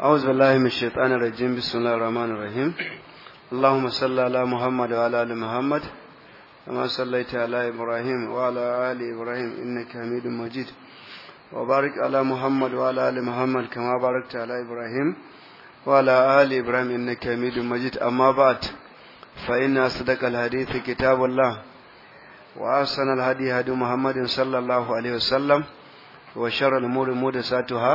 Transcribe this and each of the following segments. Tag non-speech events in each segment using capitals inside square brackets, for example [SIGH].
أعوذ بالله من الشيطان الرجيم بسم الله الرحمن الرحيم اللهم صل على محمد وعلى آل محمد كما صليت على إبراهيم وعلى آل إبراهيم إنك حميد مجيد وبارك على محمد وعلى آل محمد كما باركت على إبراهيم وعلى آل إبراهيم إنك حميد مجيد أما بعد فإن أصدق الحديث كتاب الله وأحسن الهدي هدي محمد صلى الله عليه وسلم وشر الأمور محدثاتها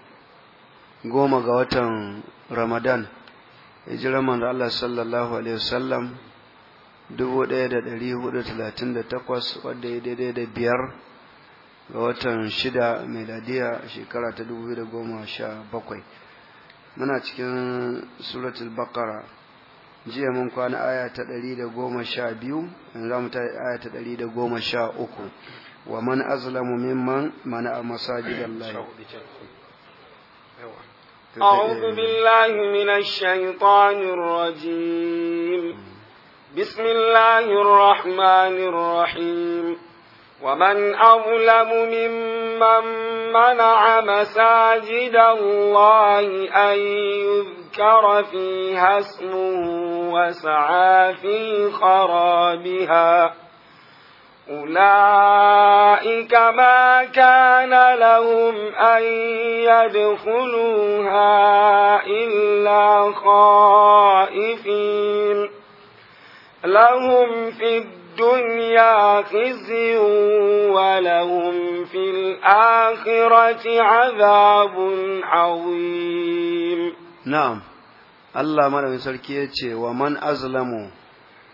goma ga watan ramadan hijirar manzo Allah sallallahu alaihi wasallam 1438 wadda ya daidai da biyar ga watan shida meladiya shekara ta 2017 muna cikin suratul bakara jiya mun kwana aya ta 112 yanzu mu ta aya ta 113 wa man azlamu mimman mana masajidan yawa أعوذ بالله من الشيطان الرجيم بسم الله الرحمن الرحيم ومن أظلم ممن منع مساجد الله أن يذكر فيها اسمه وسعى في خرابها أولئك ما كان لهم أن يدخلوها إلا خائفين لهم في الدنيا خزي ولهم في الآخرة عذاب عظيم نعم الله مرحبا سركيه ومن أظلمه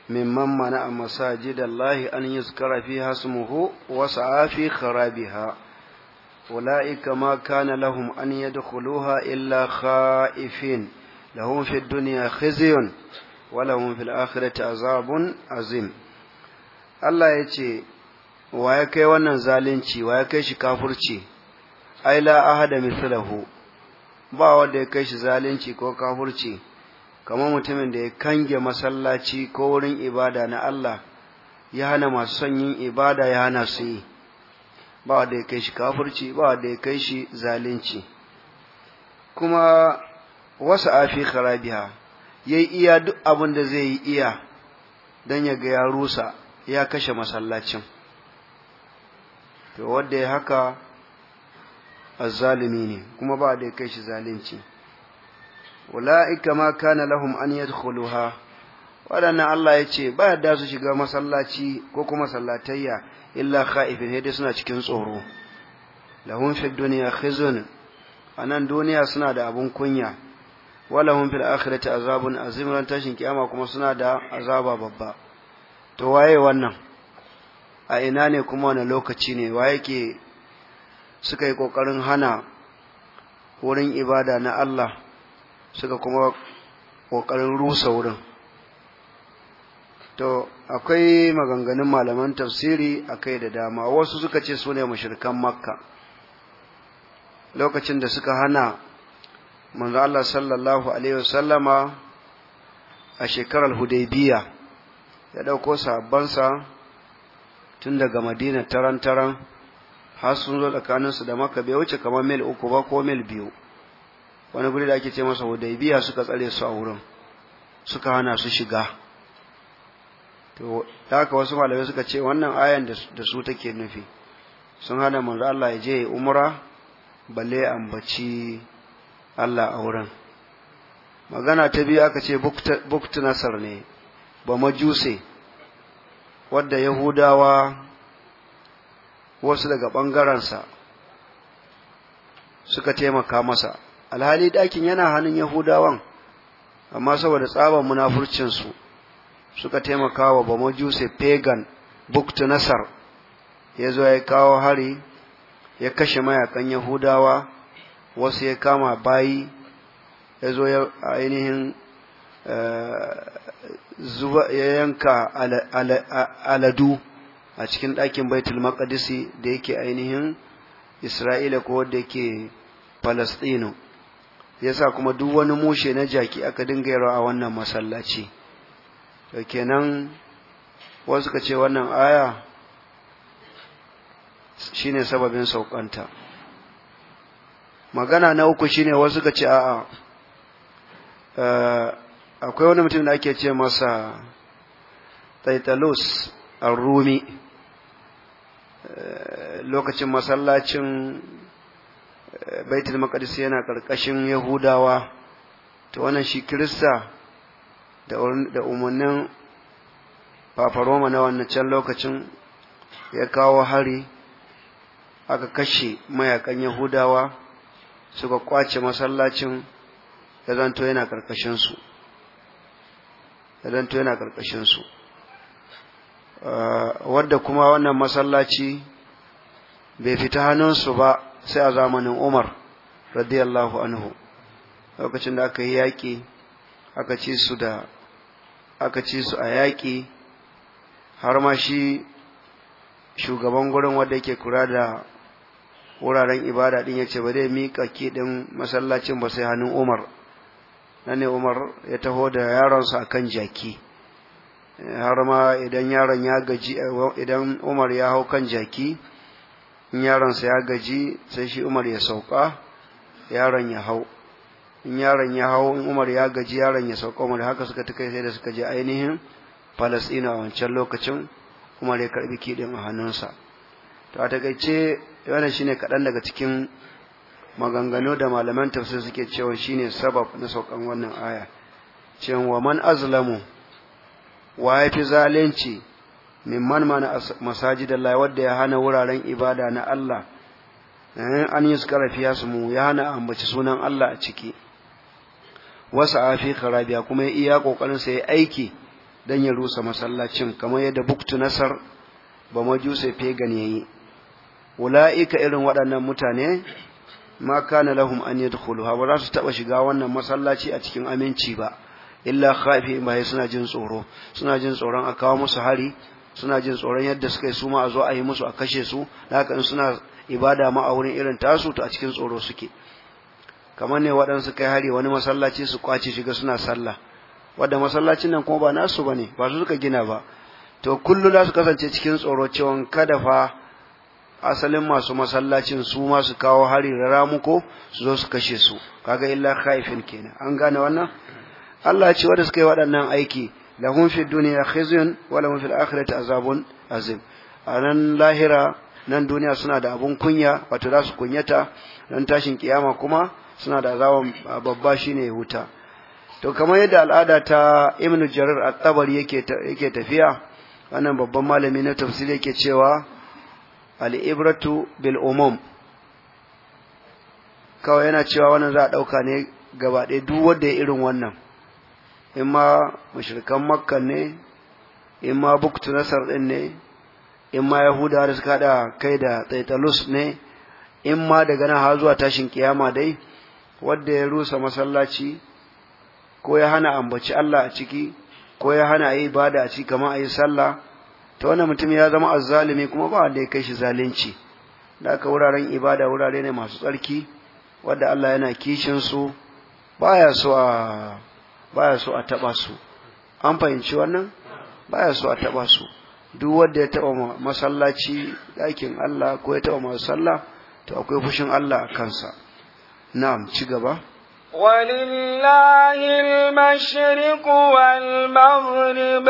mimman mana a masaji da lahi an yi tsakara fi hasmuhu wasu afi kharabiha ula'ika ma kana lahum an yi dukuluha illa kha'ifin lahum fi duniya khiziyun wa lahum fi akhirati azabun azim Allah ya ce wa ya kai wannan zalunci wa ya kai shi kafurci ai la ahada mislahu ba wanda ya kai shi zalunci ko kafurci kamar mutumin da ya kange masallaci ko wurin ibada na Allah ya hana masu son yin ibada ya hana su yi ba da ya kai shi kafurci, ba da ya kai shi zalunci kuma wasu afi ya yi iya duk abin da zai yi iya don ya ga ya rusa ya kashe masallacin to wadda ya haka azzalumi ne kuma ba da ya kai shi zalunci ula'ika ma kana lahum an yadkhuluha waɗannan Allah ya ce ba yadda su shiga masallaci ko kuma sallatayya illa kha'ifin dai suna cikin tsoro lahum fid dunya khizun anan duniya suna da abun kunya walahum fil akhirati azabun azim ran tashin kiyama kuma suna da azaba babba to waye wannan a ina ne kuma wani lokaci ne waye ke suka yi kokarin hana wurin ibada na Allah suka kuma ƙoƙarin rusa wurin to akwai maganganun malaman tafsiri a kai da dama wasu suka ce su ne mashirkan makka lokacin da suka hana manzo Allah sallallahu alaihi wasallama a shekarar hudaybiya ya dauko sabansa tun daga madina tarantaran har sun zo tsakaninsu da makka bai wuce kamar mil uku ba ko mil biyu wani guri da ake ce masa biya suka tsare su a wurin suka hana su shiga to haka wasu malamai suka ce wannan ayan da su take nufi sun hana manzo Allah ya je umra balle ambaci Allah a wurin magana ta biyu aka ce bukt nasar ne ba majuse wadda yahudawa wasu daga sa suka taimaka masa alhali dakin yana hannun yahudawan amma saboda tsaban munafurcinsu suka taimaka wa juse pagan buktu nasar ya zo ya kawo hari ya kashe mayakan yahudawa wasu ya kama bayi ya zo ya ainihin eh, ya yanka aladu a cikin ɗakin baitul maqdisi da yake ainihin isra'ila ko da yake palestino yasa kuma duk wani mushe na jaki aka dinga yarwa a wannan masallaci to kenan wasu ka ce wannan aya shine sababin saukanta magana na uku shine wasu ka ce a'a eh, akwai wani mutum da ake ce masa Taitalus arumi rumi eh, lokacin masallacin baitul maqdis yana karkashin yahudawa to wannan shi kirista da umarnin fafaroma na wannan can lokacin ya kawo hari aka kashe mayakan yahudawa suka kwace masallacin ya zanto yana karkashin zanto yana karkashin su ah, wadda kuma wannan masallaci bai fita hannunsu ba sai a zamanin Umar radiyallahu anhu lokacin da aka yi yaƙi aka ci su da aka ci su a yaƙi har ma shi shugaban gurin wanda yake kula da wuraren ibada din yace ba zai mika kidin masallacin ba sai hannun Umar nan ne Umar ya taho da yaronsa a kan jaki har ma idan yaron ya gaji idan Umar ya hau kan jaki in sa ya gaji sai shi umar ya sauka yaron ya hau in yaron ya hau in umar ya gaji yaron ya sauka umar haka suka tuka sai da suka je ainihin falasina wancan lokacin umar ya karbi kidin a hannunsa to a takaice wannan shine kaɗan daga cikin maganganu da malaman tafsir suke cewa shine sabab na saukan wannan aya cewa man azlamu wa yafi zalunci min mimman da masajidallah wadda ya hana wuraren ibada na Allah eh, an yi fiya su mu ya hana ambaci sunan Allah a ciki wasu afi kharabiya kuma ya iya kokarin sai aiki dan ya rusa masallacin kamar yadda buktu nasar ba majuse pagan yayi ulaika irin waɗannan mutane ma kana lahum an yadkhuluha ba za su taba shiga wannan masallaci a cikin aminci ba illa khafi ba suna jin tsoro suna jin tsoron a kawo musu hari suna jin tsoron yadda suka yi su ma a zo a yi musu a kashe su da haka in suna ibada ma a wurin irin tasu to a cikin tsoro suke kamar ne waɗansu kai hari wani masallaci su kwace shiga suna sallah wadda masallacin nan kuma ba nasu bane ba su suka gina ba to kullu za su kasance cikin tsoro cewa kada fa asalin masu masallacin su ma su kawo hari da ramuko su zo su kashe su kaga illa khaifin kenan an gane wannan Allah ce wanda suka yi waɗannan aiki lahum fi duniya khizyun wa lahum fil akhirati azabun azim anan lahira nan duniya suna da abun kunya wato za su kunyata nan tashin kiyama kuma suna da azaban babba shine wuta to kamar yadda al'ada ta Ibn Jarir at-Tabari yake yake tafiya wannan babban malami na tafsiri yake cewa al-ibratu bil umum kawai yana cewa wannan za a dauka ne gaba ɗaya duk wanda ya irin wannan in ma mushrikan makka ne in ma buktu nasar din ne in ma yahuda da suka kai da taitalus ne in ma daga nan har zuwa tashin kiyama dai wanda ya rusa masallaci ko ya hana ambaci Allah a ciki ko ya hana ayi ibada a ciki kamar ayi sallah ta wannan mutum ya zama azzalimi kuma ba wanda ya kai shi zalunci da aka wuraren ibada wurare ne masu tsarki wadda Allah yana kishin su baya so a baya so a taba su an fahimci wannan baya so a taba su duk wanda ya taba masallaci ɗakin Allah ko ya taba masalla sallah to akwai fushin Allah a kansa na'am ci gaba ولله المشرق والمغرب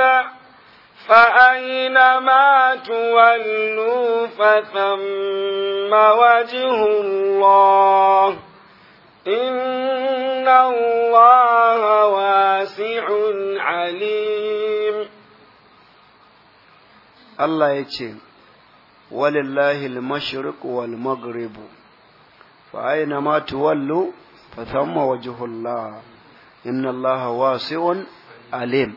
فأينما تولوا فثم وجه الله الله واسع عليم الله يتشي ولله المشرق والمغرب فأينما تولوا فثم وجه الله إن الله واسع عليم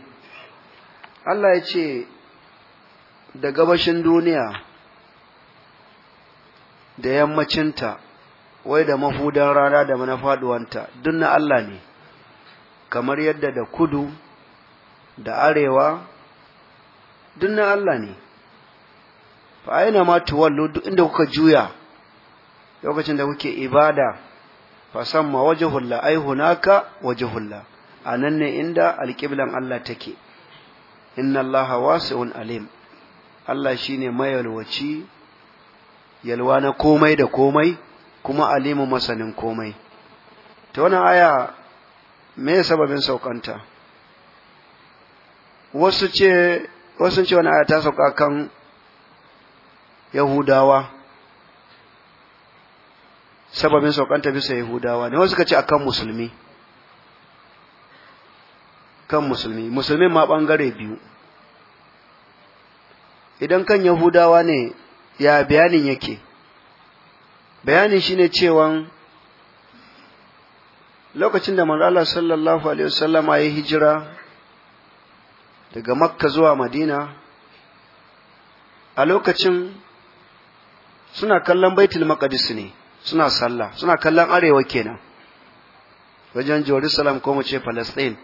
الله ya ce, Da gabashin duniya da yammacinta wai da mafudan rana da manafaduwanta duk Allah ne kamar yadda da kudu da arewa dunna Allah ne fa aina ma tuwallu duk inda kuka juya lokacin da kuke ibada fa samma wajhulla ai hunaka wajhulla anan ne inda alqiblan Allah take inna Allah wasi'un alim Allah shine mayalwaci yalwa na komai da komai kuma alimu masanin komai ta wani aya me sababin saukanta wasu ce wasu ce wani aya ta sauka kan yahudawa sababin saukanta bisa yahudawa ne wasu ka ce akan musulmi kan musulmi musulmi ma bangare biyu idan kan yahudawa ne ya bayanin yake bayani shine cewan lokacin da manzo Allah sallallahu alaihi wasallama ya hijira daga Makka zuwa Madina a lokacin suna kallon Baitul Maqdis ne suna sallah suna kallon arewa kenan wajen Jerusalem ko mu ce Palestine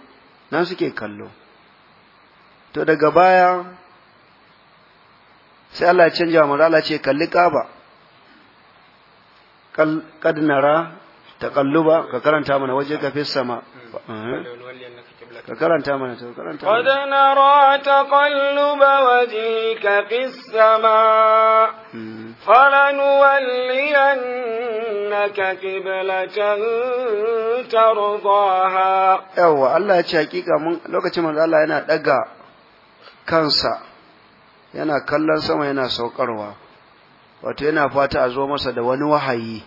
nan suke kallo to daga baya sai Allah ya canja manzo Allah ce kalli Kaaba قد نرى تقلبا ka karanta mana waje ka fi sama hmm. ka karanta mana to وجهك في السماء فلنولينك قبلة ترضاها ايوا الله يا حقيقه من لوكacin من الله yana daga kansa yana kallon sama yana saukarwa wato yana fata a zo masa da wani wahayi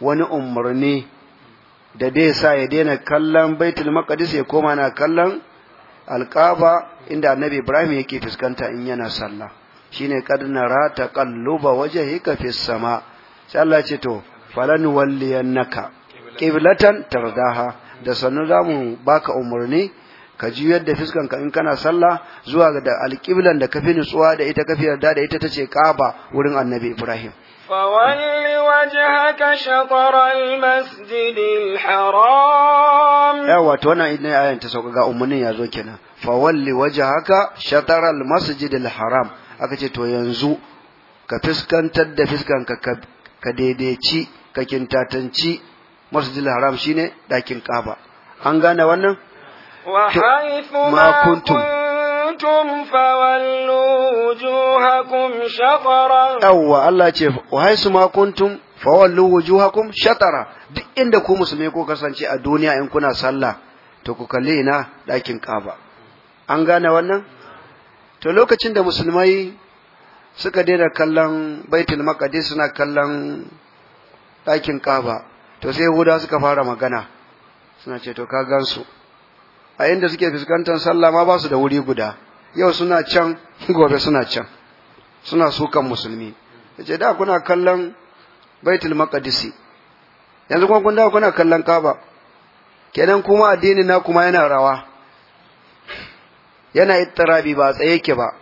wani umarni da dai sa ya daina kallon baitul maqdis ya koma na kallon alqaba inda annabi ibrahim yake fuskanta in yana sallah shine kad nara taqalluba wajhika fis sama sai Allah ce to falan walliyannaka qiblatan tardaha da sanu zamu baka umarni ka juyar da ka in kana sallah zuwa ga alƙiblan da kafi nutsuwa da ita kafi yarda da ita tace kaba wurin Annabi Ibrahim فول وجهك شطر المسجد Haram. yawa to wannan idan ayan ta sauka ga ummunin yazo kenan fawalli wajhaka shatar al-masjid haram aka ce to yanzu ka fiskantar da fiskan ka daidaici ka kintatanci masjid haram shine dakin kaba an gane wannan وحيث ما كنتم كنتم فولوا وجوهكم شطرا أو الله يقول وحيث ما كنتم fawallu wujuhakum shatara duk inda ku musulmi ko kasance a duniya in kuna sallah to ku kalle ina ɗakin kaba an gane wannan to lokacin da musulmai suka daina kallon baitul maqdis suna kallon ɗakin kaba to sai yahuda suka fara magana suna ceto to ka gansu a inda suke fuskantar sallah ma ba su da wuri guda yau suna can gobe suna can suna sukan musulmi yace da kuna kallon baitul maqdisi yanzu kuma kun da kuna kallon kaba kenan kuma addini na kuma yana rawa yana ittirabi ba tsaye yake ba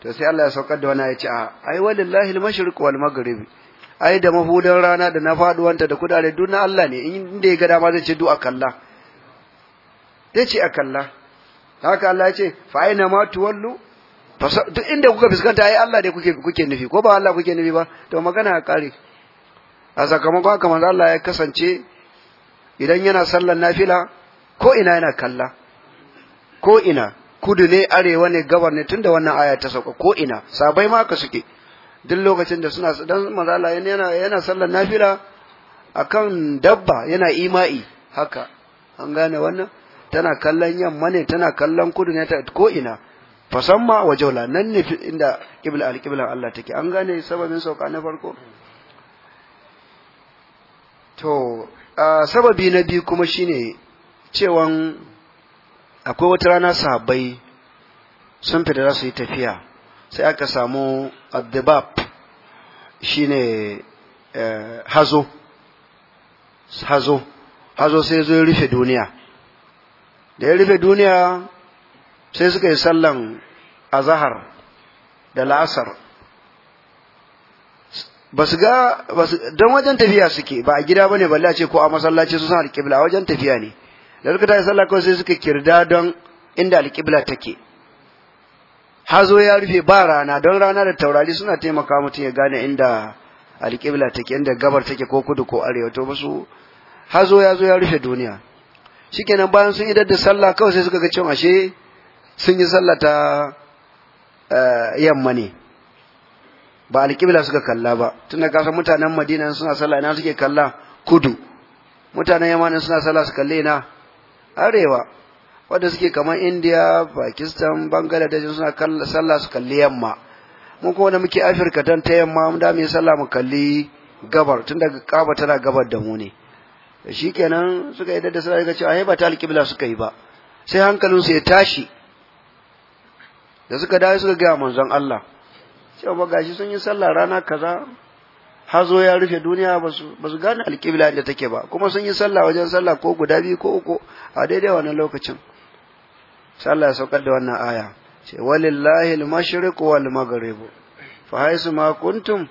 to sai Allah ya saukar da wani ya ce a ai wallahi al-mashriq wal maghrib ai da mahudan rana da na faduwanta da kudare duk na Allah ne inda ya ga dama zai ce du'a kallah ya ce a kalla haka Allah ya ce fa aina ma tuwallu duk inda kuka fuskanta ai Allah dai kuke kuke nufi ko ba Allah kuke nufi ba to magana ya kare a sakamakon haka manzo Allah ya kasance idan yana sallar nafila ko ina yana kalla ko ina kudu ne arewa ne gabar ne tunda wannan aya ta sauka ko ina sabai ma ka suke duk lokacin da suna dan manzo Allah yana yana sallar nafila akan dabba yana ima'i haka an gane wannan tana kallon yamma ne tana kallon kudu ne ta ko ina fasamma wa jaula nan ne inda qibla al-qibla Allah take an gane sababin sauka na farko to sababi na biyu kuma shine cewan akwai wata rana sabai sun fita za su yi tafiya sai aka samu addabab shine eh, hazo hazo hazo sai zo rufe duniya da ya rufe duniya sai suka yi sallan azahar da la'asar ba su ga don wajen tafiya suke ba a gida ne balle a ce ko a masallaci su san alƙibla a wajen tafiya ne da suka tafi sallah kawai sai suka kirda don inda alƙibla take hazo ya rufe ba rana don rana da taurari suna taimaka mutum ya gane inda alƙibla take inda gabar take ko kudu ko arewa to ba su hazo ya zo ya rufe duniya shikenan bayan sun idar da sallah kawai sai suka ga cewa ashe sun yi sallah ta eh, yamma ne ba alƙibla suka kalla ba tunda ka san mutanen Madina suna sallah ina suke kalla kudu mutanen yamma suna sallah su kalle ina arewa wanda suke kamar India Pakistan Bangladesh suna kalla sallah su kalli yamma mun kuma da muke Afirka don ta yamma mu da mu sallah mu kalli gabar tun daga kaba tana gabar da mu ne shi kenan suka yi da suka cewa ai ba ta alƙibla suka yi ba sai hankalin su ya tashi da suka dawo suka gaya manzon Allah cewa ba gashi sun yi sallah rana kaza hazo ya rufe duniya ba su gane alƙibla inda take ba kuma sun yi sallah wajen sallah ko guda biyu ko uku a daidai wannan lokacin sai Allah ya saukar da wannan aya ce walillahi al mashriq wal maghrib fa haisu ma kuntum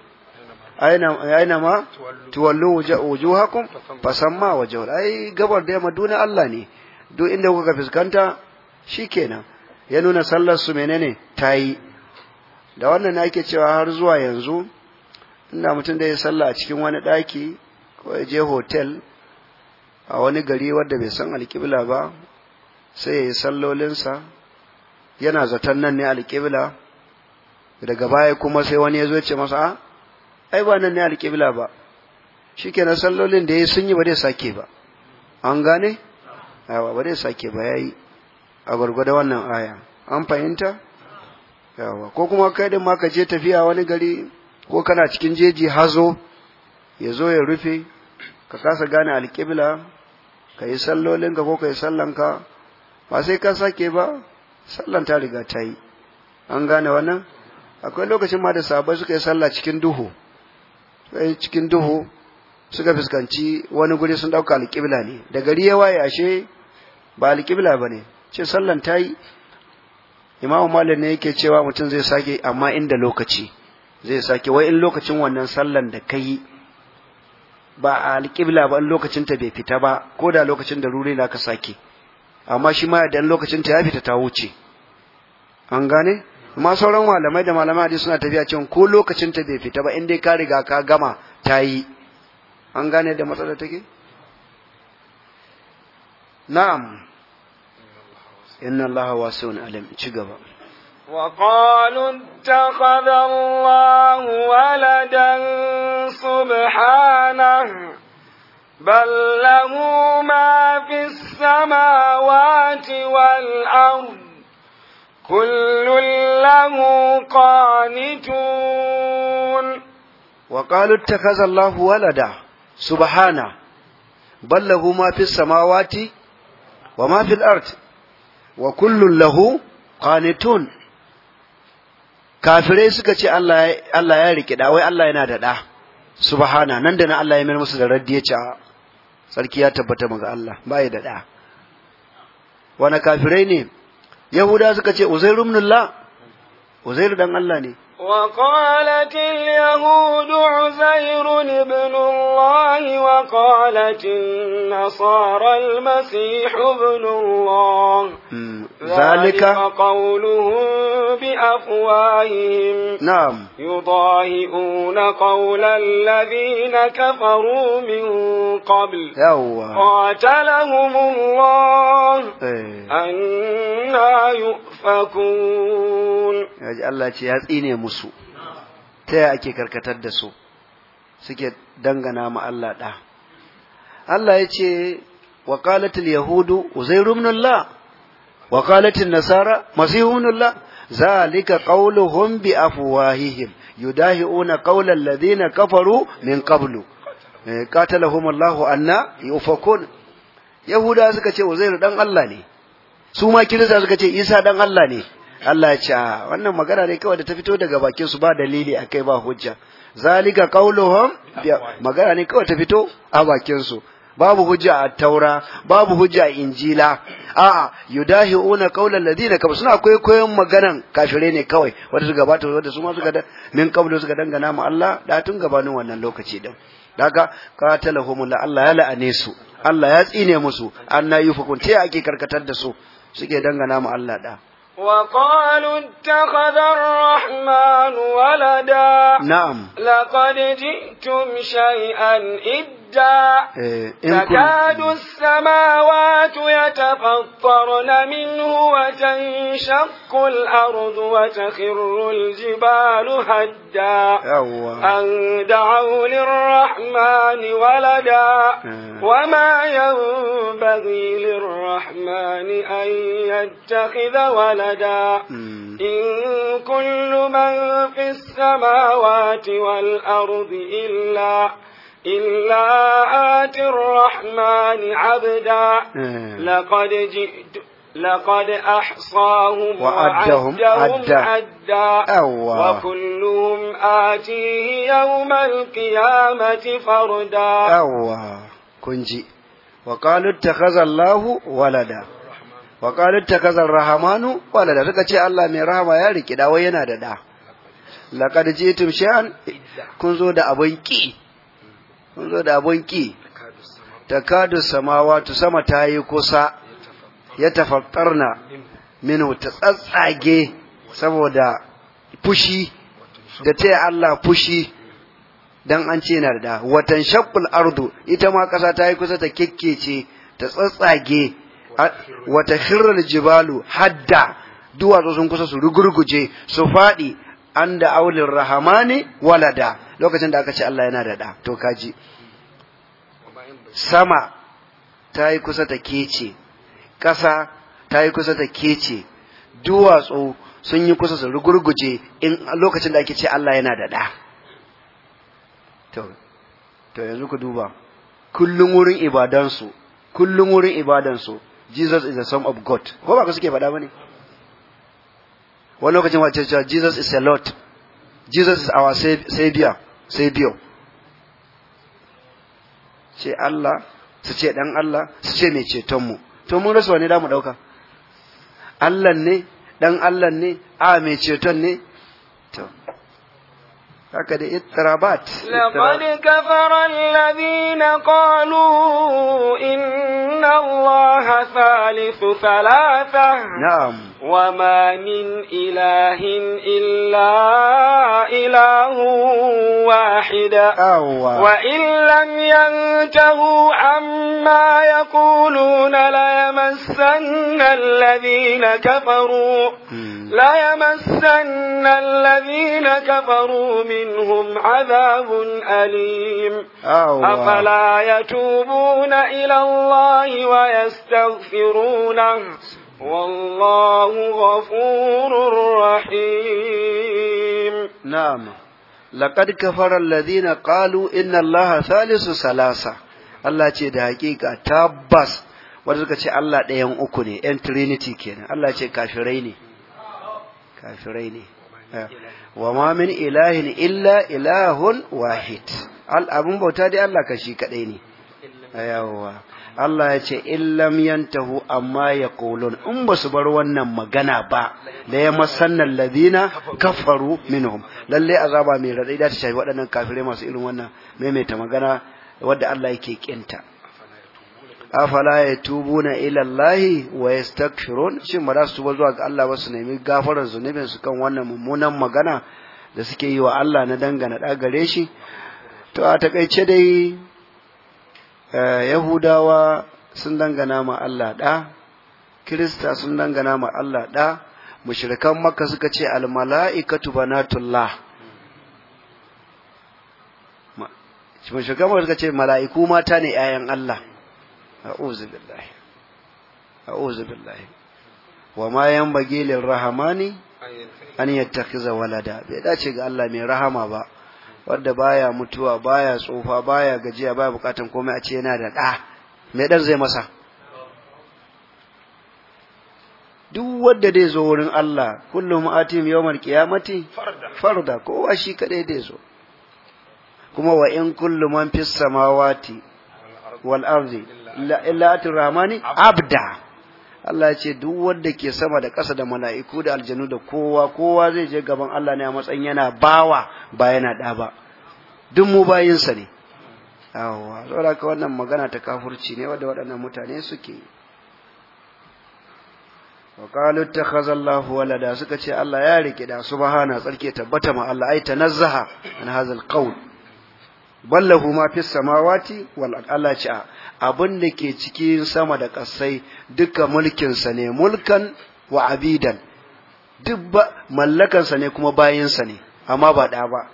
aina tuwallu wujuhakum fasamma wajhul ai gabar da yamma duna Allah ne duk inda kuka fuskanta shikenan ya nuna sallar su menene tayi da wannan ake cewa har zuwa yanzu inda mutum da ya salla a cikin wani daki ko ya je hotel a wani gari wanda bai san alƙibla ba sai ya yi sallolinsa yana zaton nan ne alƙibla daga baya kuma sai wani ya zo ce masa a ai ba nan ne alƙibla ba shikenan sallolin da ya sun yi ba zai sake ba an gane yawa ba zai sake ba yayi a gwargwada wannan aya an fahimta yawa ko kuma kai din ma ka je tafiya wani gari ko kana cikin jeji hazo ya zo ya rufe ka kasa gane alƙibla ka yi sallolinka ko ka yi sallanka ba sai ka sake ba sallan ta riga ta yi an gane wannan akwai lokacin ma da sahabbai suka yi sallah cikin duhu sai eh, cikin duhu suka fuskanci wani guri sun ɗauka alƙibla ne da gari ya waye ashe ba alƙibla ba ne ce sallan ta yi imamu ne yake cewa mutum zai sake amma inda lokaci zai sake wai in lokacin wannan sallan da ka yi ba a alƙibla ba in lokacin ta bai fita ba ko da lokacin da ruri ka sake amma shi ma idan lokacin ta ya fita ta wuce an gane amma sauran malamai da malamai hadisi suna tafiya cewa ko lokacin ta bai fita ba in dai ka riga ka gama ta yi an gane da matsala take na'am inna allaha wasi'un alim ci gaba وقالوا اتخذ الله ولدا سبحانه بل له ما في السماوات والأرض كل له قانتون وقالوا اتخذ الله ولدا سبحانه بل له ما في السماوات وما في الأرض وكل له قانتون kafirai suka ce Allah ya rike da wai Allah yana da da subhana nan da na Allah ya mayar musu da raddi ya ce sarki ya tabbata maga Allah ba ya da da wani kafirai ne yahuda suka ce uzairu ibn Allah uzairu dan Allah ne وقالت اليهود عزير ابن الله وقالت النصارى المسيح ابن الله ذلك قولهم بأفواههم نعم يضاهئون قول الذين كفروا من قبل قاتلهم الله إيه. أنا يؤفكون الله يا musu ta yi ake karkatar da su suke dangana ma Allah ɗa Allah ya ce wa qalatil yahudu uzairu wa qalatil nasara masihu ibn a zalika qawluhum bi afwahihim yudahi'una qawla alladhina kafaru min qablu eh, qatalahum anna yufakun yahuda suka ce uzairu dan Allah ne su ma kirista suka ce isa dan Allah ne Allah ya ce ah, wannan magana ne kawai da ta fito daga bakin su ba dalili a kai ba hujja zalika qauluhum magana ne kawai ta fito a bakin su babu hujja a taura babu hujja a injila a'a yudahiuna qaulal ladina kafar suna akwai koyon maganan kafire ne kawai wanda su gabata wanda su ma gada min qablu suka dangana mu Allah da tun gabanin wannan lokaci din daga qatalahum la Allah ya la'ane su Allah ya tsine musu annayufukun fukunce ake karkatar da su suke dangana mu Allah da وقالوا اتخذ الرحمن ولدا نعم لقد جئتم شيئا إدا إيه، تكاد السماوات يتفطرن منه وتنشق الأرض وتخر الجبال هدا أن دعوا للرحمن ولدا إيه. وما ينبغي للرحمن أن يتخذ ولدا إن كل من في السماوات والأرض إلا إلا آت الرحمن عبدا لقد جئت لقد أحصاهم وعدهم عدا وكلهم آتيه يوم القيامة فردا كنجي وقال اتخذ الله ولدا وقال اتخذ الرحمن ولدا تكتشي الله من رحمة يالك دا وينا دا لقد جئتم شيئا كنزو دا أبوين كي kun zo da abun ki takadu samawatu sama ta yi kusa ya tafattarna minu ta tsatsage saboda fushi da ta Allah fushi dan an ce na da watan shaqqul ardu ita ma kasa ta yi kusa ta kekkece ta tsatsage wata khirrul jibalu hadda duwatsu sun kusa su rugurguje su fadi an da aulin rahamani walada lokacin da aka ce Allah yana da ɗa to kaji sama ta yi kusa ta kece ƙasa ta yi kusa ta kece duwatsu sun yi kusa su rugurguje in lokacin da ake ce Allah yana da ɗa to to yanzu ku duba kullum wurin ibadansu kullum wurin ibadansu Jesus is the son of God ko ba ka suke faɗa ba ne wani lokacin wace cewa Jesus is a Lord Jesus is our savior savior ce Allah su ce dan Allah su ce mai cetonmu to mun rasa wani da mu dauka Allah ne dan Allah ne a mai ceton ne to haka da ittirabat laqad kafara alladhina qalu inna allaha thalithu thalatha na'am وما من إله إلا إله واحد وإن لم ينتهوا عما يقولون ليمسن الذين كفروا يمسن الذين كفروا منهم عذاب أليم أفلا يتوبون إلى الله ويستغفرونه والله غفور رحيم نعم لقد كفر الذين قالوا إن الله ثالث ثلاثة Allah ce da hakika tabbas wanda suka ce Allah ɗayan uku ne ‘yan Trinity kenan Allah ce kafirai ne kafirai ne wa ma min ilahin illa ilahun wahid Abin bauta dai Allah kashi kaɗai ne yawwa Allah ya ce illam yantahu amma ya kolon in ba su bar wannan magana ba da ya masannan ladina kafaru minhum lalle azaba mai raɗai da ta shafi waɗannan kafirai masu irin wannan maimaita magana wadda Allah yake kinta afala tubu na ilallahi wa ya shin ba za su tuba zuwa ga Allah ba su nemi gafarar zunubin su kan wannan mummunan magana da suke yi wa Allah na dangana ɗagare shi to a takaice dai Eh, yahudawa sun dangana ma Allah ɗa kirista sun dangana ma Allah ɗa mushrikan maka suka ce almala'ikatu banatullah mushrikan maka suka ce mala'iku mata ne ƴaƴan Allah a'udhu billahi billahi wa ma yanbaghi lirrahmani an yattakhiza walada bai dace ga Allah mai rahama ba wanda baya mutuwa baya tsofa baya gajiya baya bukatan komai a ce yana da ɗa mai ɗan zai masa duk wanda zai zo wurin Allah kullum atim yawmal qiyamati farda kowa shi kadai dai zo kuma wa in kullu man fis samawati wal ardi illa atir rahmani abda Allah ya ce duk wanda ke sama da kasa da mala'iku da aljanu da kowa kowa zai je gaban Allah ne a matsayin yana bawa ba yana da ba duk mu sa ne yawwa saboda ka wannan magana ta kafurci ne wanda waɗannan mutane suke wa qalu takhaza Allahu walada suka ce Allah ya rike da subhana tsarki tabbata ma Allah ai tanazzaha an hazal alqawl ballahu ma fis samawati wal Allah ce abin da ke cikin sama da ƙasai duka mulkinsa ne mulkan wa abidan duk mallakansa ne kuma bayansa ne amma ba ɗa ba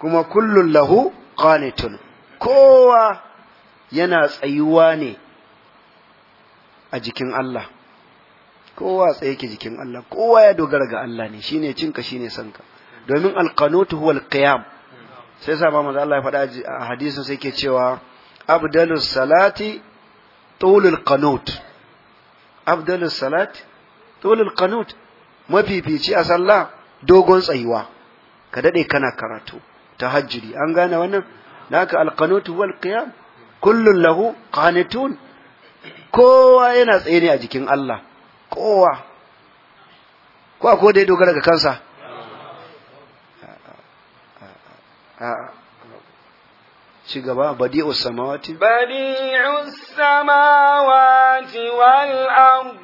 kuma kullun lahu qanitun kowa yana tsayuwa ne a jikin Allah kowa tsaye ke jikin Allah kowa ya dogara ga Allah ne shine cinka shine sanka domin alqanutu huwa qiyam sai sa ba Allah ya faɗa a hadisin sai ke cewa abdalus salati tulul qanut abdalus salati tulul qanut mafifici a sallah dogon tsayuwa ka daɗe kana karatu ta tahajjudi an gane wannan naka alqanut wal qiyam kullun lahu qanitun kowa yana tsaye ne a jikin Allah kowa ko akwai dogara ga kansa ci gaba badi'us samawati badi'us samawati wal ard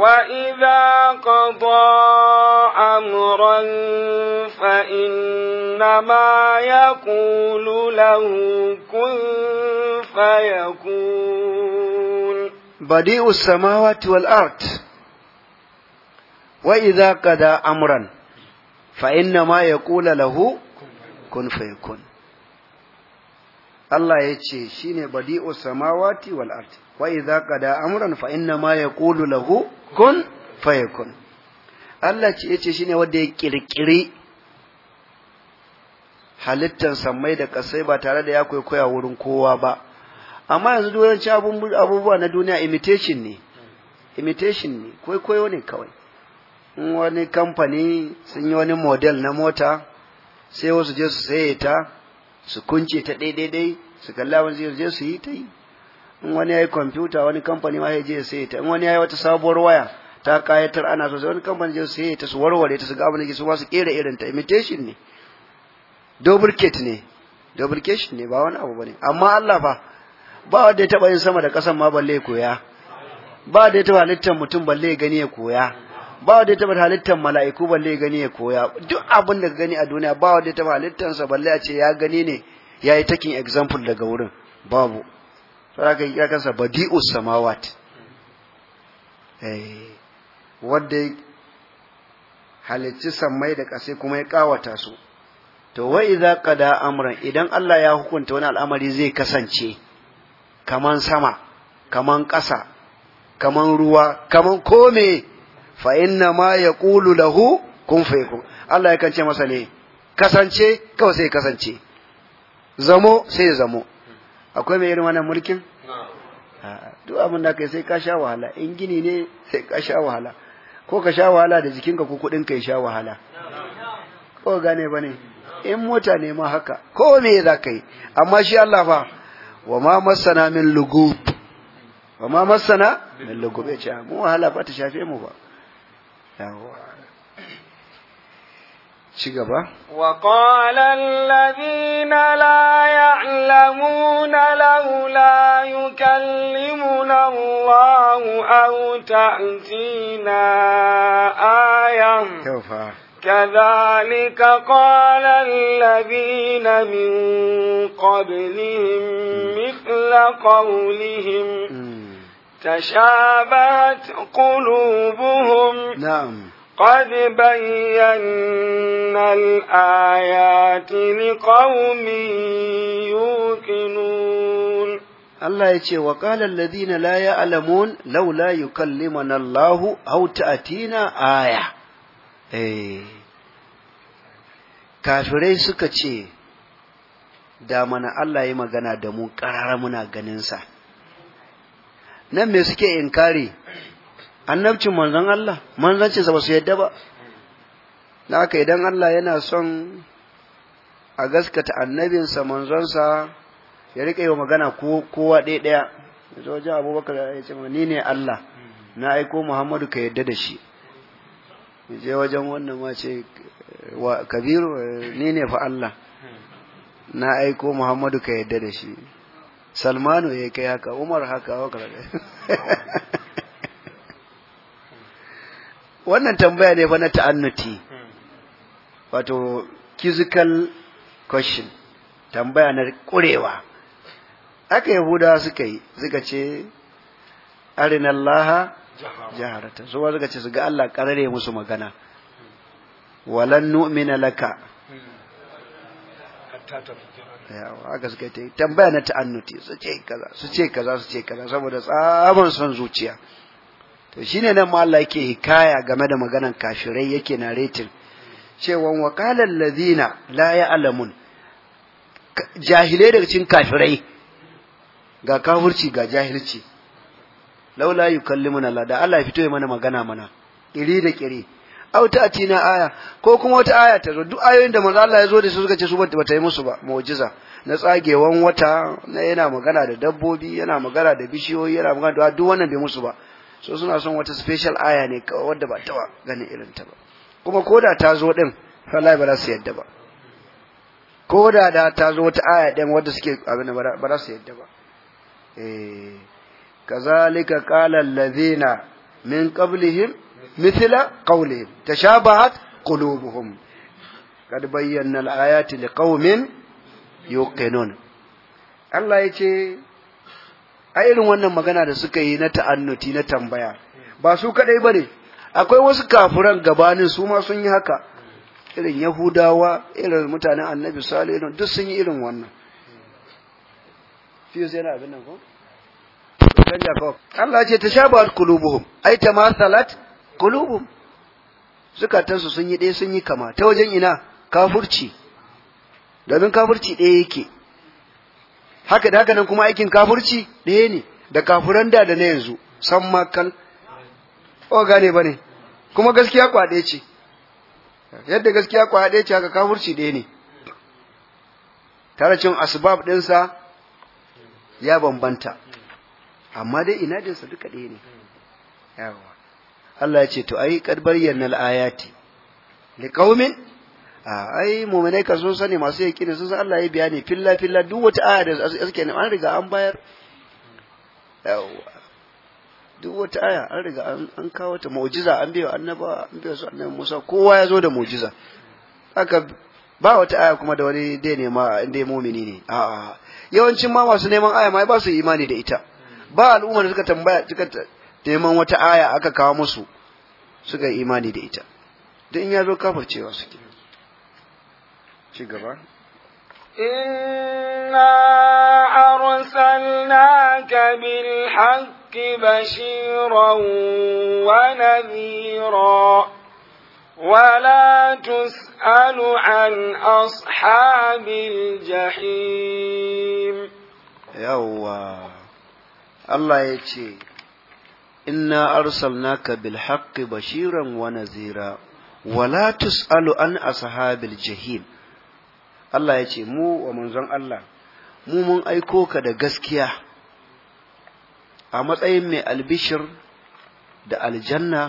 wa idza qada amran fa inna ma yaqulu lahu kun fayakun badi'us samawati wal ard wa idza qada amran fa inna ma yaqulu lahu kun fayakun Allah ya ce shi ne badi'u samawati wal ard wa idza qada amran fa inna ma yaqulu lahu kun fayakun Allah ce yace shine wanda ya kirkiri halittar samai da kasai ba tare da ya koya wurin kowa ba amma yanzu duk wani abubuwa na duniya imitation ne imitation ne kwaikwayo ne kawai in wani kamfani sun yi wani model na mota sai wasu je su saye ta su kunce ta daidai su kalla wani zai je su yi ta yi in wani yayi kwamfuta wani kamfani ma ya je sai ta in wani yayi wata sabuwar waya ta kayatar ana so sai wani kamfani je sai ta su warware ta su ga abin da su ba su kera irin ta imitation ne duplicate ne duplication ne ba wani abu bane amma Allah fa ba wanda ya taba yin sama da kasan ma balle koya ba da ya taba halittar mutum balle gani ya koya ba wanda ya taba halittar mala'iku balle gani ya koya duk abin da gani a duniya ba wanda ya taba halittar sa balle a ce ya gani ne yayi taking example daga wurin babu saraka ya kansa badi'u samawat eh wanda ya halicci sammai da kase kuma ya kawata su to wa idza qada amran idan Allah ya hukunta wani al'amari zai kasance kaman sama kaman ƙasa kaman ruwa kaman kome fa inna ma yaqulu lahu kun fayakun Allah yakan ce masa ne kasance kawai sai kasance zamo sai zamo akwai mai irin wannan mulkin duk abin da kai sai ka sha wahala in gini ne sai ka sha wahala ko ka sha wahala da jikinka ko kudin ka ya sha wahala ko gane ba ne in mota ne ma haka ko me za ka yi amma shi Allah fa wa ma masana min lugub wa ma masana min lugub ya ce mu wahala ba ta shafe mu ba cigaba وقال الذين لا يعلمون لولا يكلمنا الله أو تأتينا آية كذلك قال الذين من قبلهم مثل قولهم تشابهت قلوبهم نعم قد بينا الآيات لقوم يوقنون الله يتي وقال الذين لا يعلمون لولا يكلمنا الله أو تأتينا آية إيه kafirai suka ce da mana Allah ya magana da mu ƙarara muna ganinsa nan me suke inkari annabcin manzon Allah manzancinsa ba su yadda ba na haka idan Allah yana son a gaskata annabinsa manzonsa ya riƙa yi wa magana kowa ɗaya ɗaya ya wajen abubakar ya ce ni ne Allah na aiko Muhammadu ka yadda da shi je wajen wannan ma ce wa kabiru ni ne fa Allah na aiko Muhammadu ka yadda da shi salmanu ya kai haka umar haka wakar [LAUGHS] wannan tambaya ne fa na ta'annuti wato physical question tambaya na kurewa aka yahudawa suka yi suka ce arinallaha jaharata su suka ce su ga Allah karare musu magana walan nu'mina laka hmm. tsayawa suka yi tambaya na ta'annuti su ce kaza su ce kaza su ce kaza saboda tsaban son zuciya to shine nan ma Allah yake hikaya game da maganan kafirai yake naretin cewa wa qala allazina la ya'lamun jahilai daga cikin kafirai ga kafirci ga jahilci laula yukallimuna la da Allah ya fito ya mana magana mana kiri da kiri aw atina aya ko kuma wata aya ta zo duk ayoyin da manzo Allah ya zo da su suka ce su ba ta yi musu ba mu'jiza na tsagewan wata na yana magana da dabbobi yana magana da bishiyoyi yana magana da duk wannan bai musu ba so suna son wata special aya ne wadda ba ta ganin irin ta ba kuma koda ta zo din wallahi ba za su yadda ba koda da ta zo wata aya din wadda suke abin ba za su yadda ba eh kazalika qala allazina min qablihim مثل قولهم تشابهت قلوبهم قد بينا الآيات لقوم يوقنون الله يتي a irin wannan magana da suka yi na ta'annuti na tambaya ba su kadai ba ne akwai wasu kafuran gabanin su ma sun yi haka irin yahudawa irin mutanen annabi salihu irin duk sun yi irin wannan fiye sai na abin nan ko Allah ce ta sha ba kulubuhum ai ta masalat qulubuhum zukatansu sun yi ɗaya sun yi kama ta wajen ina kafurci domin kafurci ɗaya yake haka da haka nan kuma aikin kafurci ɗaya ne da kafuran da da na yanzu san makan o gane ba ne kuma gaskiya kwa ɗaya ce yadda gaskiya kwa ɗaya ce haka kafurci ɗaya ne tare cin asbab ɗinsa ya bambanta amma dai ina sa duka ɗaya ne yawa Allah ya ce to ai kad bayyana al-ayati qaumin ai mu'minai ka sun sani masu yakini sun san Allah ya bayani filla filla duk wata aya da suke an riga an bayar duk wata aya an riga an kawo ta mu'jiza an biyo annaba an biyo su annabi Musa kowa ya zo da mu'jiza aka ba wata aya kuma da wani dai ne ma dai mu'mini ne a'a yawancin ma masu neman aya ma ba su imani da ita ba al'umma da suka tambaya suka neman wata aya aka kawo musu suka yi imani da ita don ya zo kafar cewa suke ci gaba inna arsalna ka bil haqqi bashiran wa nadhira wala tusalu an ashabil jahim yawwa Allah ya ce inna arsalnaka bil haqqi bashiran wa nazira wala tusalu an ashabil jahim Allah ya ce mu wa manzon Allah mu mun aiko ka da gaskiya a matsayin mai albishir da aljanna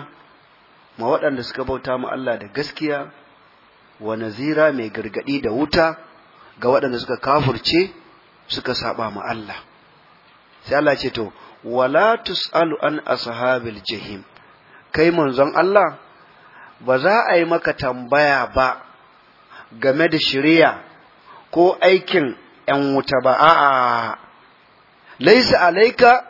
ma waɗanda suka bauta mu Allah da gaskiya wa nazira mai gargaɗi da wuta ga waɗanda suka kafurce suka saba mu Allah sai Allah ce to wala tus'alu an ashabil jahim kai manzon Allah ba za a yi maka tambaya ba game da shiriya ko aikin ‘yan wuta ba, a'a, laisa alaika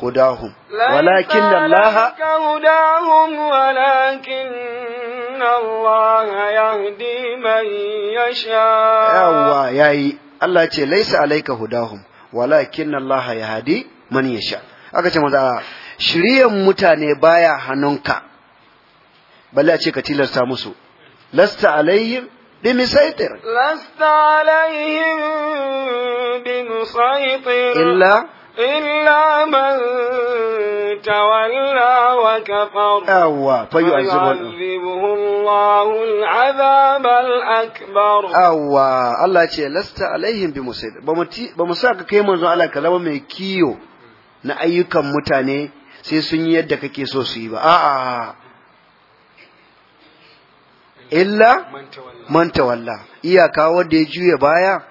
hudahum, walakin da Allah hudahum walakin Allah yahdi man yasha. Yawwa yayi, Allah ce laisa alaika hudahum, walakin Allah yahdi man yasha. aka ce maza shiryan mutane baya hannunka balle a ce ka tilasta musu lasta alayhi bi misaitir lasta alayhi bi misaitir illa illa man tawalla wa kafara awwa fayu azabu Allahu al-azab al-akbar awwa Allah ce lasta alaihim bi musaitir ba mu ba mu saka kai manzo Allah ka zama mai kiyo na ayyukan mutane sai sun yi yadda kake so su yi ba a'a illa manta walla iyaka wanda ya juya baya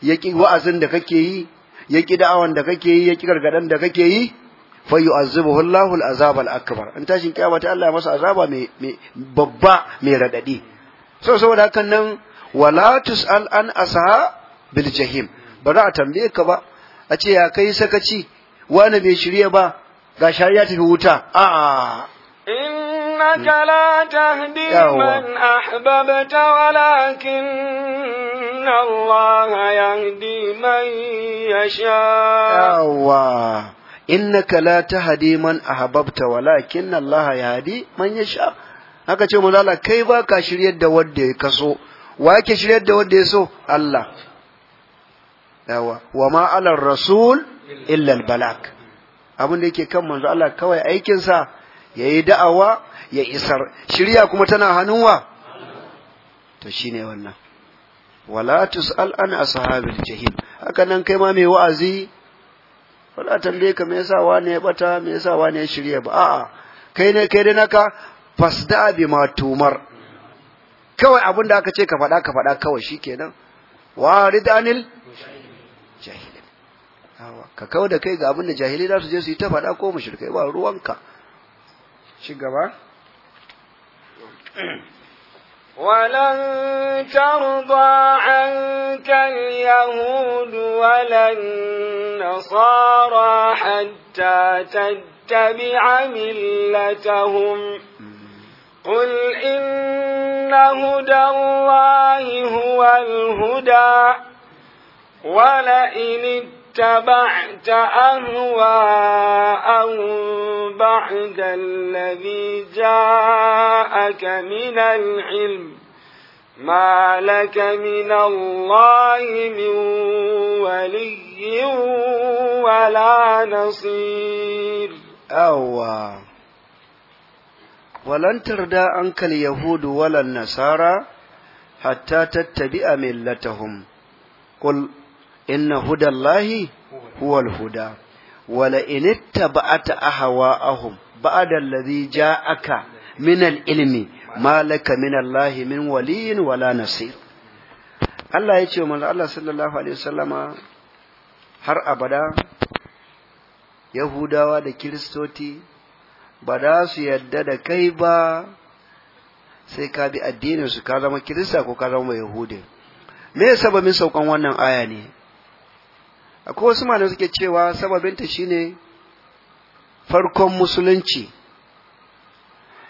ya ki wa'azin da kake yi ya ki da'awan da kake yi ya ki gargadan da kake yi fa yu'azzibuhu Allahu al-azab al-akbar in tashin kiyama ta Allah ya masa azaba mai babba mai radadi so saboda hakan nan wala tus'al an asha bil jahim ba za a tambaye ka ba a ce ya kai sakaci wani bai shirya ba ga shari'a tafi wuta a'a إنك لا تهدي من أحببت ولكن الله يهدي من يشاء إنك لا تهدي من أحببت ولكن الله يهدي من يشاء haka ce mulala kai ba ka shiryar da wanda ya kaso wa ke shiryar da wanda ya so Allah yawa wa ma'alar rasul illal balak abin da yake kan manzo Allah kawai aikinsa ya yi da'awa ya isar shirya kuma tana hannunwa to shine wannan wala tus'al an ashabil jahim haka nan kai ma mai wa'azi wala tambaye ka me yasa wani ya bata me yasa wani ya shirya ba a'a kai ne kai da naka fasda bi ma tumar kawai abin da aka ce ka faɗa ka faɗa kawai shikenan waridanil ridanil jahim ka kawo kai ga abin da jahili za su je su yi ta fada ko mu shirka ba ruwanka shi gaba walan tarda yahudu walan nasara hatta tattabi'a millatahum qul inna hudallahi huwal huda wala inni اتبعت أهواءهم بعد الذي جاءك من العلم ما لك من الله من ولي ولا نصير أوى ولن تردى عنك اليهود ولا النصارى حتى تتبع ملتهم قل inna hudallahi huwal huda wala in ittaba'ata ahwa'ahum ba'da alladhi ja'aka min al-ilmi ma laka min Allahi min waliyin wala nasir Allah ya ce wa manzo Allah sallallahu alaihi wasallama har abada Yahudawa da Kiristoci ba za su yadda da kai ba sai ka bi addinin su ka zama Kirista ko ka zama Yahudi me sababin saukan wannan aya ne akwai wasu malamai suke cewa sababinta shine farkon musulunci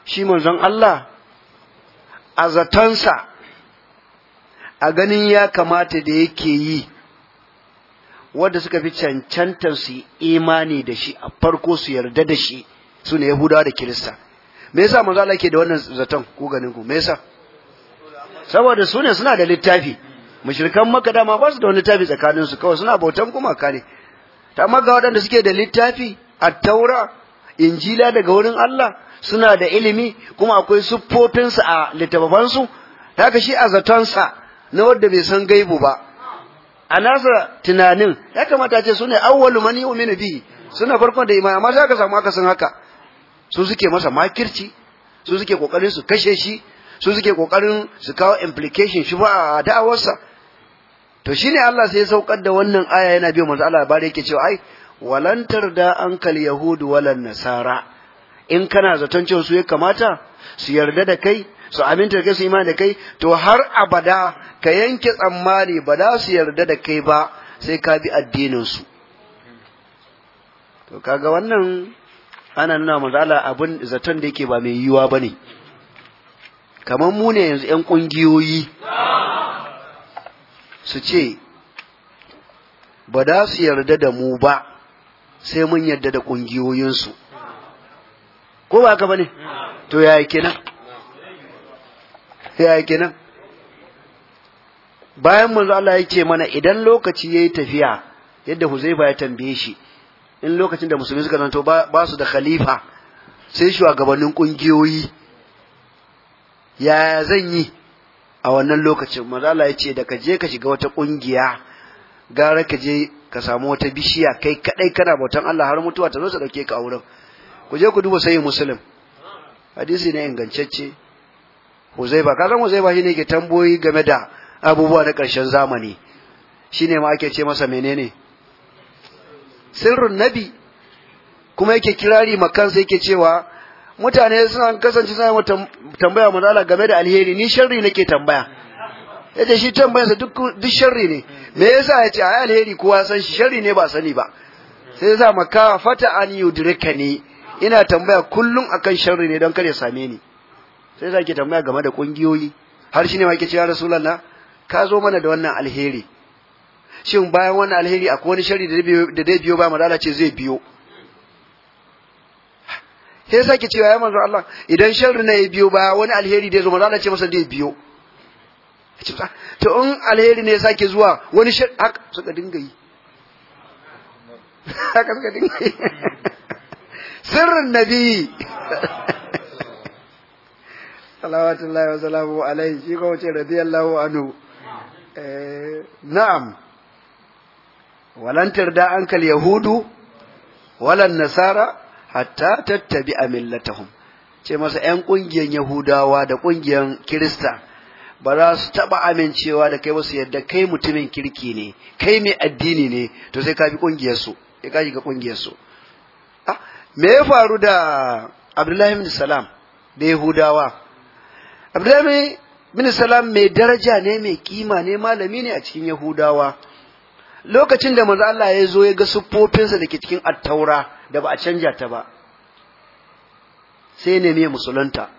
shi manzon Allah a zatonsa a ganin ya kamata da yake yi wanda suka fi cancantar su imani da shi a farko su yarda da shi su ne Yahudawa da Kirista me yasa manzo Allah ke da wannan zaton ko ganin ku me yasa saboda su ne suna da littafi mushrikan maka dama ba su da wani tafi tsakanin su kawai suna bautan gumaka ne ta amma waɗanda suke da littafi a taura injila daga wurin Allah suna da ilimi kuma akwai siffofinsu a littafansu ka shi a zatonsa na wadda bai san gaibu ba a nasa tunanin ya kamata ce su ne awwalu man yu'minu bihi suna farkon da imani amma sai ka samu aka haka su suke masa makirci su suke kokarin su kashe shi su suke kokarin su kawo implication shi ba a da'awarsa to shine Allah sai ya saukar da wannan aya yana biyo manzo Allah labari yake cewa ai walantar da ankal yahudu walan nasara in kana zaton cewa su ya kamata su yarda da kai su aminta da kai su imani da kai to har abada ka yanke tsammani ba za su yarda da kai ba sai ka bi addinin su to kaga wannan ana nuna manzo Allah abin zaton da yake ba mai yiwa bane kamar mu ne yanzu 'yan ƙungiyoyi. su ce ba da su yarda da mu ba sai mun yarda da ƙungiyoyinsu ko ba haka ba ne to yi kenan yi kenan bayan mun Allah ya ce mana idan lokaci ya yi tafiya yadda Huzaifa ya tambaye shi in lokacin da musulmi suka zanto ba su da khalifa sai shugabannin ƙungiyoyi yaya zan yi a wannan lokacin mazala ya ce da ka je ka shiga wata kungiya gara ka je ka samu wata bishiya kai kadai kana bautan Allah har mutuwa ta zo ta dauke ka a wurin ku je ku duba sai muslim hadisi ne ingantacce huzaifa ka san huzaifa shine ke tamboyi game da abubuwa na karshen zamani shine ma ake ce masa menene sirrun nabi kuma yake kirari makan sai yake cewa mutane suna kasance suna tambaya manzo game da alheri ni sharri nake tambaya yace shi tambayarsa duk duk sharri ne me yasa yace ai alheri kowa san shi sharri ne ba sani ba sai yasa maka fata an yudrikani ina tambaya kullum akan sharri ne don ya same ni sai yasa ke tambaya game da kungiyoyi har shine ma ke ce ya rasulullah ka zo mana da wannan alheri shin bayan wannan alheri akwai wani sharri da zai biyo ba manzo ce zai biyo sai ya sake cewa ya manzo Allah idan sharri na ya biyo ba wani alheri da ya zo manzo Allah ce masa da ya biyo to in alheri ne ya sake zuwa wani shar haka suka dinga yi [LAUGHS] haka suka dinga yi [LAUGHS] sirrin nabi [LAUGHS] salawatullahi wa salamu alaihi shi ko ce radiyallahu anhu eh, na'am walantar da ankal yahudu walan nasara hatta tattabi a millatahum ce masa ‘yan ƙungiyar Yahudawa da ƙungiyar Kirista ba za su taɓa amincewa da kai ba su yadda kai mutumin kirki ne, kai mai addini ne, to sai ka bi ƙungiyarsu, ya ka shiga ƙungiyarsu. Me ya faru da Abdullahi bin Salam da Yahudawa? Abdullahi bin Salam mai daraja ne, mai kima ne, malami ne a cikin Yahudawa. lokacin da manzo Allah ya zo ya ga siffofinsa da ke cikin attaura da ba a canja ta ba sai ne ne musulunta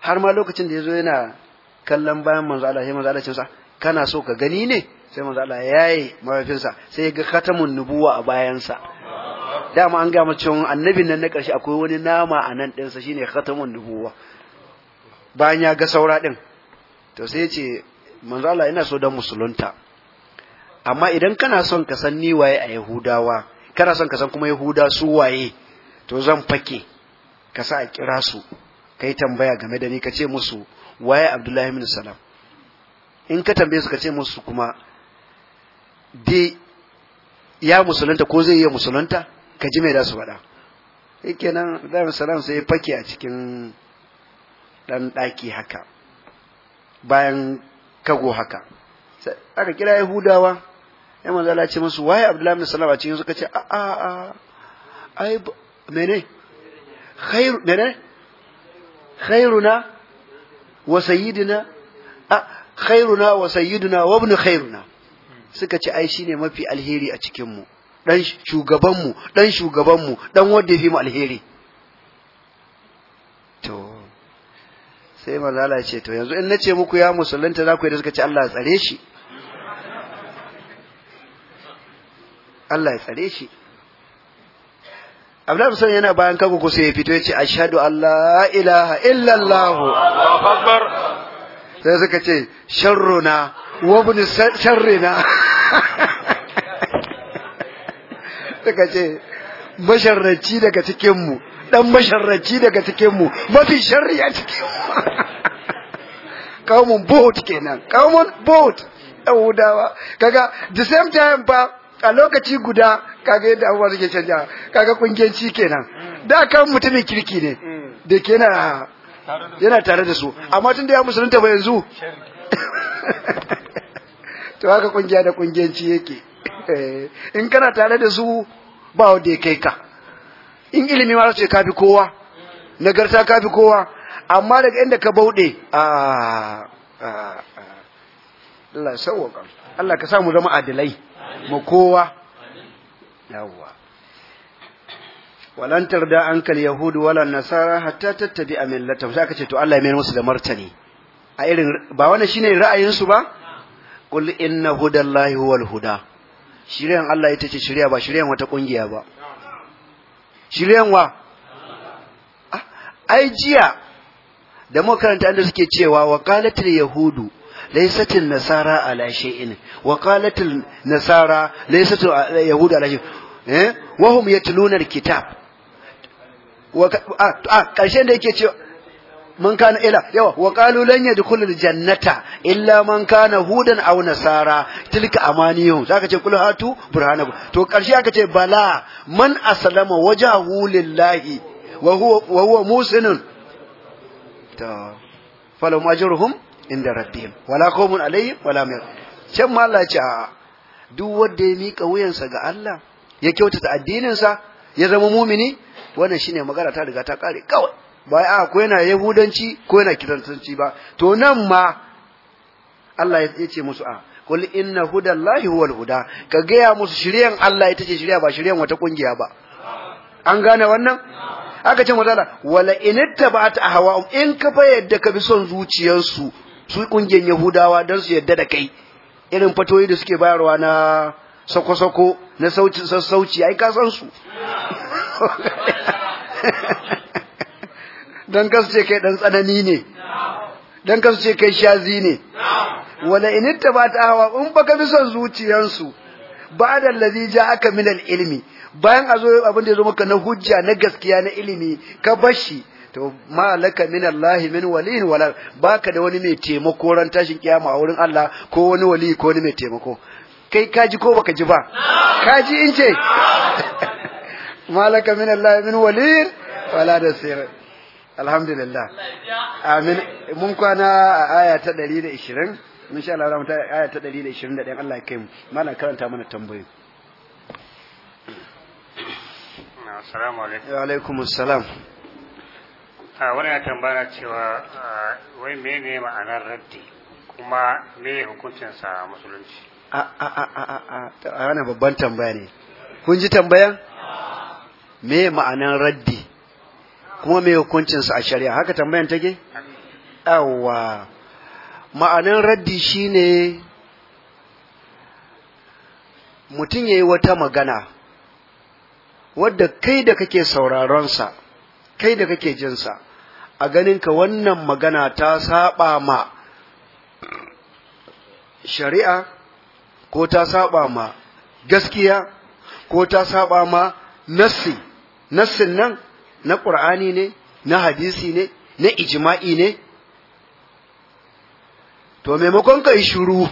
har ma lokacin da ya zo yana kallon bayan manzo Allah sai manzo Allah ce kana so ka gani ne sai manzo Allah ya yi mahaifinsa sai ya ga khatamun nubuwa a bayansa dama an ga mace annabin nan na karshe akwai wani nama a nan ɗinsa shine khatamun nubuwa bayan ya ga saura ɗin to sai ya ce manzala ina so dan musulunta amma idan kana son ka san ni waye a yahudawa kana son ka san kuma yahuda su waye to zan fake ka sa a kira su kai tambaya game da ni ka ce musu waye abdullahi bin salam in ka tambaye su ka ce musu kuma de ya musulunta ko zai iya musulunta ka ji mai da su faɗa shikenan abdullahi salam sai fake a cikin dan ɗaki haka bayan kago haka sai aka kira yahudawa ya manzo Allah ce musu waye Abdullahi bin salama ce cikin suka ce a a a ai mene khairu mene khairuna wa sayyidina a khairuna wa sayyidina wa ibn khairuna suka ce ai shine mafi alheri a cikin mu dan shugaban mu dan shugaban mu dan wanda yafi mu alheri sai mazala ya ce to yanzu in nace muku ya musulunta za ku yi da suka ce Allah ya tsare shi Allah ya tsare shi Abdullahi sun yana bayan kanku kusa sai ya fito ya ce ashhadu Allah ilaha illa Allah Allahu akbar sai suka ce sharruna wa ibn sharrina [LAUGHS] suka ce masharraci daga cikin mu dan masharraci daga cikin mu mafi sharri a cikin [LAUGHS] kaumun boat kenan kaumun boat yahudawa kaga the same time ba a lokaci guda kaga yadda abuwa suke canja kaga ci kenan da kan mutumin kirki ne da ke yana tare da su amma tun da ya musulunta ba yanzu [LAUGHS] to haka kungiya da ci yake [LAUGHS] eh, in kana tare da su ba wadda ya kai ka in ilimi ma ce kafi kowa nagarta kafi kowa amma daga inda ka bauɗe a Allah sauwaka Allah ka samu zama adilai mu kowa yawwa walan tarda ankal yahud wala nasara hatta tattabi millata sai aka ce to Allah ya mai musu da martani a irin ba wannan shine ra'ayin su ba qul inna hudallahi huwal huda shiriyan Allah ita ce shiriya ba shiriyan wata kungiya ba wa ah, ai jiya da makaranta da suke cewa wa qalatil yahudu laysatil nasara ala shay'in wa qalatil nasara laysatil ah, yahudu ala shay'in eh wa hum yatluna alkitab wa a ah, karshen da yake cewa man kana ila yawa wa qalu lan yadkhulul jannata illa man kana hudan aw nasara tilka amaniyuhum zaka ce kul hatu burhanakum to karshe aka ce bala man aslama wajahu lillahi wa huwa wa huwa musinun to falahum ajruhum inda rabbihim wala khawfun alayhim wala hum can ma Allah ya ce duk wanda ya mika wuyansa ga Allah ya kyautata addininsa ya zama mumini wannan shine magana ta riga ta kare kawai ba a ah, ko yana yahudanci ko yana kiristanci ba to nan ma Allah ya ce musu a ah, kul inna hudallahi huwal huda ka gaya musu shiriyan Allah ita ce shiriya ba shiriyan wata kungiya ba an gane wannan aka ce mazala wala in a ahwa'um in ka fa yadda ka bi son zuciyarsu su kungiyar yahudawa dan su yadda da kai irin fatoyi da suke bayarwa na sako-sako na sauci sassauci ai ka san su [LAUGHS] dan kasance kai dan tsanani ne dan kasance kai shazi ne wala in ta hawa in baka bi son zuciyansu ba'da allazi ja'aka min al-ilmi bayan azo abin da zo maka na hujja na gaskiya na ilimi ka bashi to ma laka min Allah min waliyin wala baka da wani mai taimako ran tashin kiyama a wurin Allah ko wani wali ko wani mai taimako kai kaji ko baka ji ba kaji in ce [LAUGHS] ma laka min Allah min waliyin wala da sirri alhamdulillah amin mun kwana a aya ta 120 insha Allah aya ta aya da 121 Allah ya kai mu mallan karanta mana tambayoyi assalamu alaikum wa alaikum assalam a wannan tambaya cewa wai menene ma'anar raddi kuma me hukuncin sa musulunci a a a a a wannan babban tambaya ne kun ji tambayan me ma'anar raddi kuma mai hukuncinsa a shari'a haka tambayan take? Yawwa, ma'anin raddi shi ne mutum ya yi wata magana, wadda kai da kake sauraronsa, kai da kake jinsa, a ganinka wannan magana ta saba ma shari'a, ko ta saba ma gaskiya, ko ta saba ma nassi, nassin nan na ƙur'ani ne na hadisi ne na ijima'i ne to maimakon ka yi shuru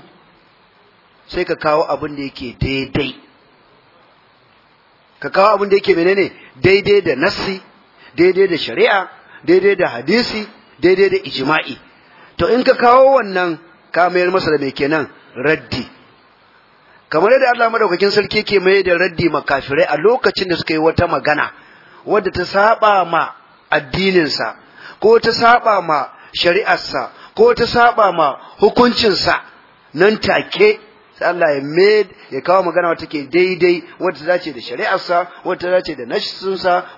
sai ka kawo abin da yake daidai ka kawo abin da yake menene daidai da nassi daidai da shari'a daidai da hadisi daidai da ijima'i to in ka kawo wannan ka mayar masa da mai kenan raddi kamar yadda Allah madaukakin sarki yake mai da raddi makafirai a lokacin da suka yi wata magana wadda ta saba ma addininsa ko ta saba ma shari'arsa ko ta saba ma hukuncinsa nan take Allah ya made ya kawo magana wata ke daidai ta dace da shari'arsa ta dace da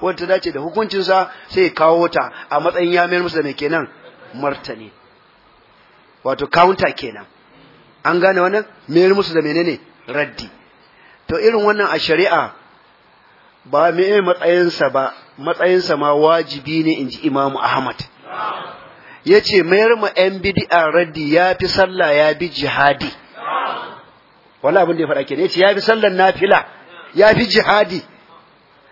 wadda ta dace da hukuncinsa sai ya kawo ta a matsayin ya mayar musu da kenan martani wato counter kenan an gane wannan mayar musu da menene raddi to irin wannan a shari'a ba me eh matsayinsa ba matsayinsa ma wajibi ne inji imamu ahmad ya ce mayar ma 'yan bidi'a raddi ya fi sallah ya bi jihadi wala abin da ya faɗa kenan ya ce ya fi sallar nafila ya fi jihadi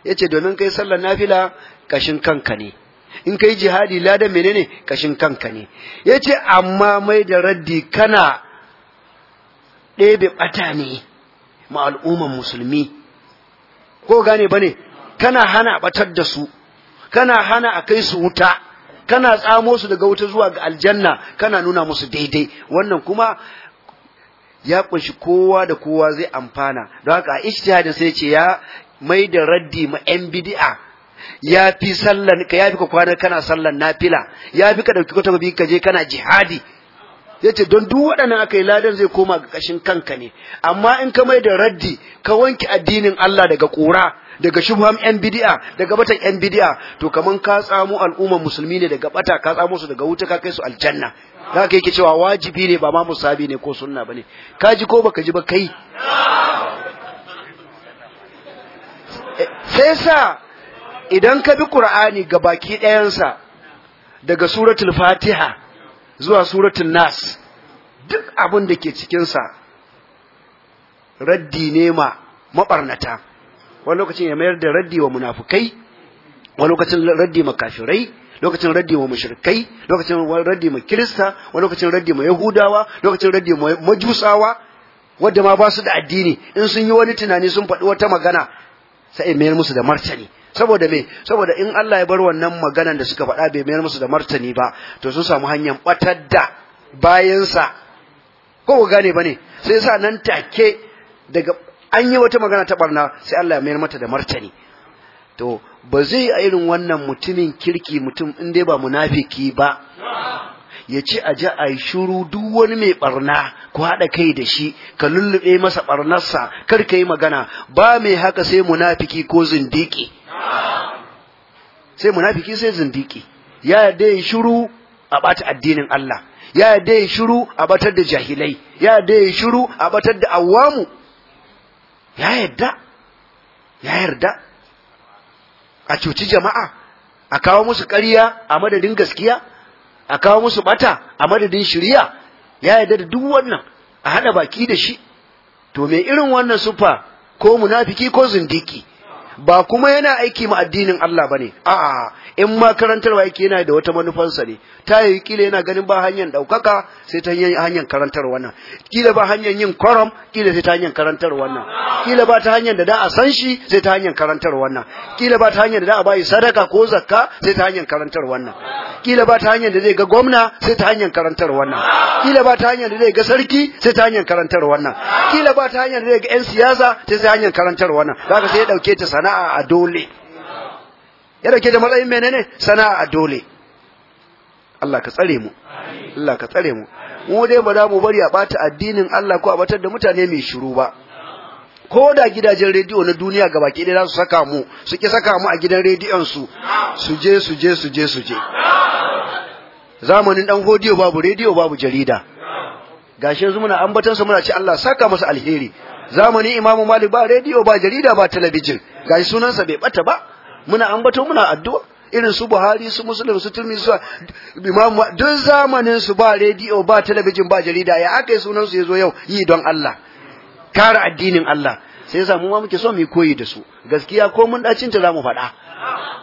ya ce domin kai sallar nafila kashin kanka ne in kai jihadi ladan menene kashin kanka ne ya ce amma mai da raddi kana ɗebe ɓata ne ma al'umman musulmi ko gane ba ne kana hana batar da su kana hana a kai su wuta kana tsamo su daga wuta zuwa ga aljanna kana nuna musu daidai wannan kuma ya kunshi kowa da kowa zai amfana don haka a ijtihadin sai ce ya mai da raddi ma yan bid'a ya fi sallan ka ya fi ka kwana kana sallan nafila ya fi ka dauki kwatabi ka je kana jihadi ya ce don duk waɗannan aka yi ladan zai koma ga ƙashin kanka ne amma in ka mai da raddi ka wanke addinin Allah daga ƙura daga shubham yan bid'a daga batan yan bid'a to kaman ka tsamo al'ummar musulmi ne daga bata ka tsamo su daga wuta ka kai su aljanna za ka yake cewa wajibi ne ba ma musabi ne ko sunna bane ka ji ko baka ji ba kai sai sa idan ka bi qur'ani ga baki ɗayansa daga suratul fatiha zuwa suratun nas duk abin da ke cikinsa raddi ne ma maɓarnata wani lokacin ya mayar da raddi wa munafukai wani lokacin raddi ma kafirai lokacin raddi ma mushrikai lokacin raddi ma kirista wani lokacin raddi ma yahudawa lokacin raddi ma majusawa wadda ma ba su da addini in sun yi wani tunani sun faɗi wata magana sai mayar musu da martani saboda me saboda in Allah ya bar wannan maganan da suka faɗa bai mayar musu da martani ba to sun samu hanyar batar da bayansa ko ku gane bane sai sa nan take daga an yi wata magana ta barna sai Allah ya mayar mata da martani to ba zai a irin wannan mutumin kirki mutum in dai ba munafiki ba ya ci a ji a yi shuru duk wani mai barna ku haɗa kai da shi ka lullube masa barnarsa kar ka yi magana ba mai haka sai munafiki ko zindiki sai munafiki sai zindiki ya yadda ya shiru a ɓata addinin Allah ya yadda ya shiru a batar da jahilai ya yadda ya shiru a batar da awamu ya yarda ya yarda a cuci jama'a a kawo musu ƙarya a madadin gaskiya a kawo musu bata a madadin shirya ya yarda da duk wannan a hada baki da shi to me irin wannan sufa ko munafiki ko zindiki ba kuma yana aiki ma addinin Allah ne. a'a in ma karantarwa yake yana da wata manufansa ne ta yi kila yana ganin ba hanyar daukaka sai ta hanyar karantar wannan kila ba hanyar yin kwaram, kila sai ta hanyar karantar wannan kila ba ta hanyar da da a san shi sai ta hanyar karantar wannan kila ba ta hanyar da da a bayi sadaka ko zakka sai ta hanyar karantar wannan kila ba ta hanyar da zai ga gwamna sai ta hanyar karantar wannan kila ba ta hanyar da zai ga sarki sai ta hanyar karantar wannan kila ba ta hanyar da zai ga yan siyasa sai ta hanyar karantar wannan sai ya ta sana sana'a a dole ya dauke da matsayin menene sana'a a dole Allah ka tsare mu Allah ka tsare mu mu dai ba za mu bari a bata addinin Allah ko a batar da mutane mai shiru ba ko da gidajen rediyo na duniya ga baki ɗaya za su saka mu su ki saka mu a gidan rediyon su su je su je su je su je zamanin dan godiyo babu rediyo babu jarida gashi yanzu muna ambaton sa muna ce Allah saka masa alheri zamani imamu malik ba rediyo ba jarida ba talabijin ga sunansa bai bata ba muna ambato muna addu'a irin su buhari su muslim su turmi su imamu duk zamanin su ba rediyo ba talabijin ba jarida ya aka yi sunan su yazo yau yi don Allah kare addinin Allah sai yasa mu ma muke so mu koyi da su gaskiya ko mun dacin ta zamu faɗa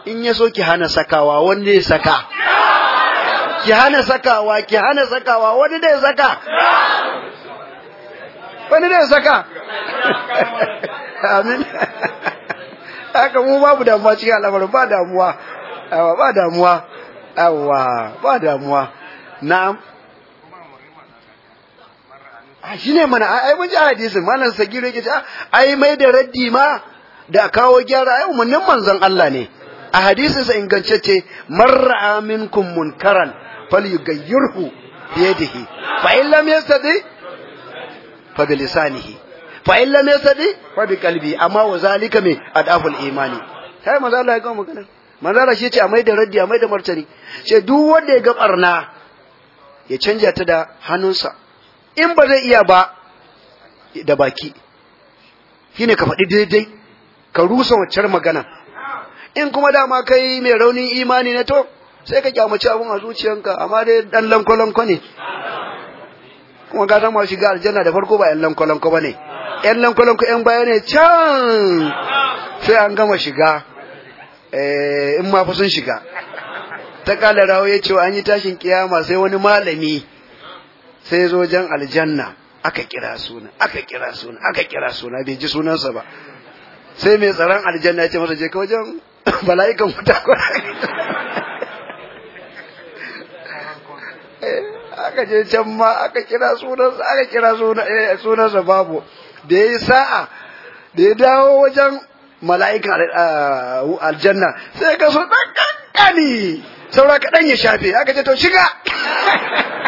in yaso so ki hana sakawa wanda ya saka ki hana sakawa ki hana sakawa wani da ya saka wani da saka amin haka mu babu damuwa cikin al'amarin ba damuwa ba damuwa awa ba damuwa na'am a shine mana ai mun ji hadisin malam sagiru yake ce ai mai da raddi ma da kawo gyara ai umarnin manzon Allah ne a hadisin sa ingantacce marra minkum munkaran falyughayyirhu biyadihi fa in lam yastati fa bi lisanihi fa in lam yastadi fa bi qalbi amma wa zalika me adaful imani kai manzo Allah ya ga magana manzo Allah shi ce a mai da raddi a da martani ce duk wanda ya ga barna ya canja ta da hannunsa in ba zai iya ba da baki shine ka faɗi daidai ka rusa waccar magana in kuma dama kai mai raunin imani ne to sai ka kyamaci abun a zuciyanka amma dai dan lanko lanko ne kuma ga san masu shiga aljanna da farko ba yan lanko bane ne yan lanko yan baya ne can sai an gama shiga eh, in ma fa sun shiga ta kala rawo ya ce an yi tashin kiyama sai wani malami sai zo jan aljanna aka kira suna aka kira suna aka kira suna bai ji sunansa ba sai mai tsaron aljanna ya ce masa je ka wajen bala'ikan [COUGHS] wuta kwarai [LAUGHS] aka je can ma aka kira sunansa aka kira eh, sunansa babu da yayi sa'a da ya dawo wajen mala'ika eh, aljanna sai ka so dan kankani saura kaɗan ya shafe aka ce to shiga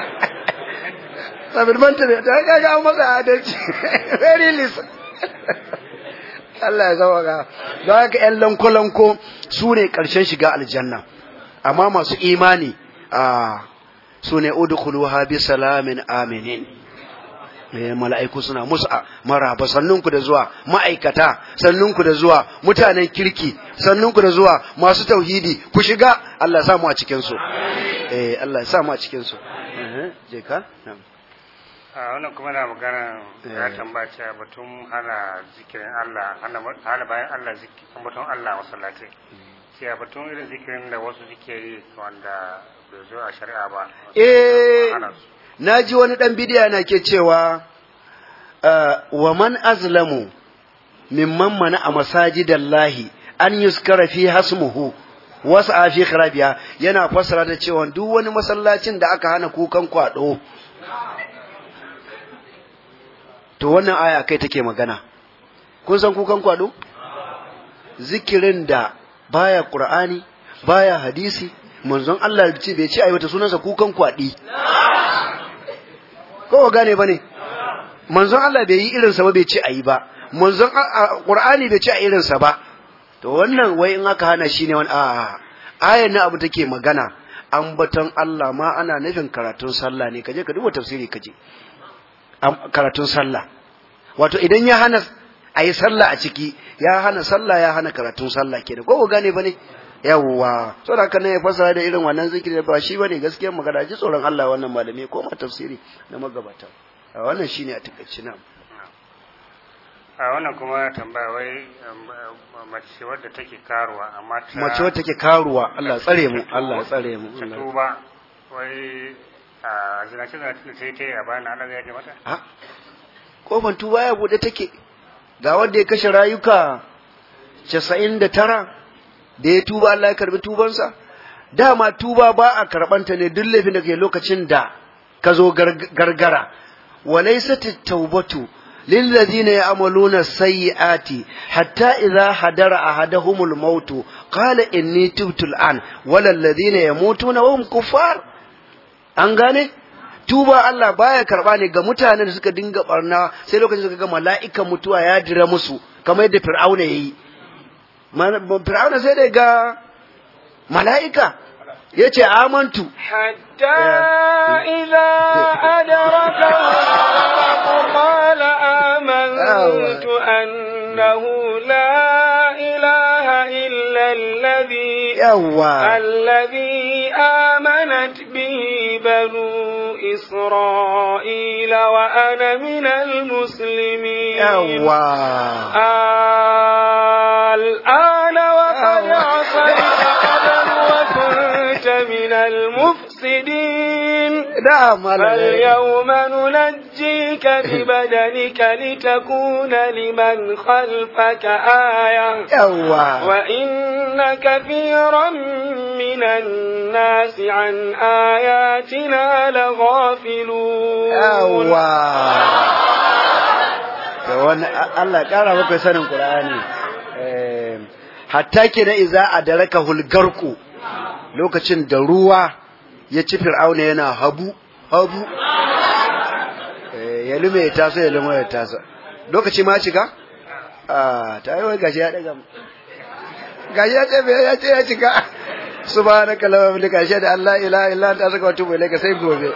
[LAUGHS] sabir manta ne ta kaga an masa adalci [LAUGHS] very listen [LAUGHS] Allah ya sauka don haka ƴan lanko-lanko su ne ƙarshen shiga aljanna amma masu imani a ah, su ne ha bi salamin aminin eh, mala'iku suna mara maraba sannunku da zuwa ma'aikata sannunku da zuwa mutanen kirki sannunku da zuwa masu tauhidi ku shiga Allah samu a cikin su eh Allah samu a cikin su eh, je ka a wannan kuma na magana eh. ya tambace batun hana zikirin Allah hana bayan Allah zikirin batun Allah wasallatai sai hmm. batun irin zikirin da wasu zikiri wanda eh naji wani dan bidiya na ke cewa ah, wa man azlamu mimman mana a masaji an yuskara fi hasmuhu wasu a fi harabiya yana fassara da cewa duk wani masallacin da aka hana kukan kwado to wannan aya kai take magana kun san kukan kwado zikirin da baya ƙur'ani baya hadisi manzon Allah ce bai ce wata sunansa kukan Ko kowa gane ba ne manzon Allah bai yi sa ba bai ce ai ba manzon qurani bai ce a sa ba to wannan wai in aka hana shi ne wani a ayan na abu take magana ambaton Allah ma ana nufin karatun sallah ne kaje ka duba tafsiri kaje karatun sallah wato idan ya hana a yi sallah a ciki ya hana sallah ya hana karatun sallah kenan ko gane ba ne yawwa so da ne ya fasara da irin wannan zikiri ba shi bane gaskiyar magana ji tsoron Allah wannan malami ko ma tafsiri na magabata wannan shine a takaice na a wannan kuma tambaya wai um, um, mace wadda take karuwa amma ta mace wadda take karuwa Allah tsare mu Allah tsare mu ta tuba wai a ce da take ta yi a bayan Allah ya ji mata a kofan tuba ya bude take ga wanda ya kashe rayuka 99 da ya tuba Allah ya karbi tubansa dama tuba ba a karbanta ne duk laifin da ke lokacin da ka zo gargara walaysat tawbatu hatta يعملون hadara حتى إذا حضر أحدهم الموت قال إني تبت ladina yamutuna wa hum kufar. An gane? tuba Allah baya karba ne ga mutanen da suka dinga barna sai lokacin suka ga mala'ikan mutuwa ya dira musu kamar yadda Fir'auna yayi fir'auna sai da mala'ika ya ce amantu hatta idza adraka qala amantu annahu la ilaha illa alladhi yawa alladhi amanat bihi banu isra'ila wa ana minal الآن وقد آه. عصيت قبل وكنت من المفسدين نعم فاليوم ننجيك ببدنك لتكون لمن خلفك آية وإن كثيرا من الناس عن آياتنا لغافلون الله قال wani Allah ƙara Ehm, hatta da iza daraka hulgarku lokacin da ruwa ya ci fir'auna yana habu habu eh, ya lume ya tasa ya lume ya tasa lokaci ma cika a ah, ta yi wai gashi ya daga gashi ya ce ya ce ya cika subhanaka shi da allah ila ila ta saka wata tubu laika sai gobe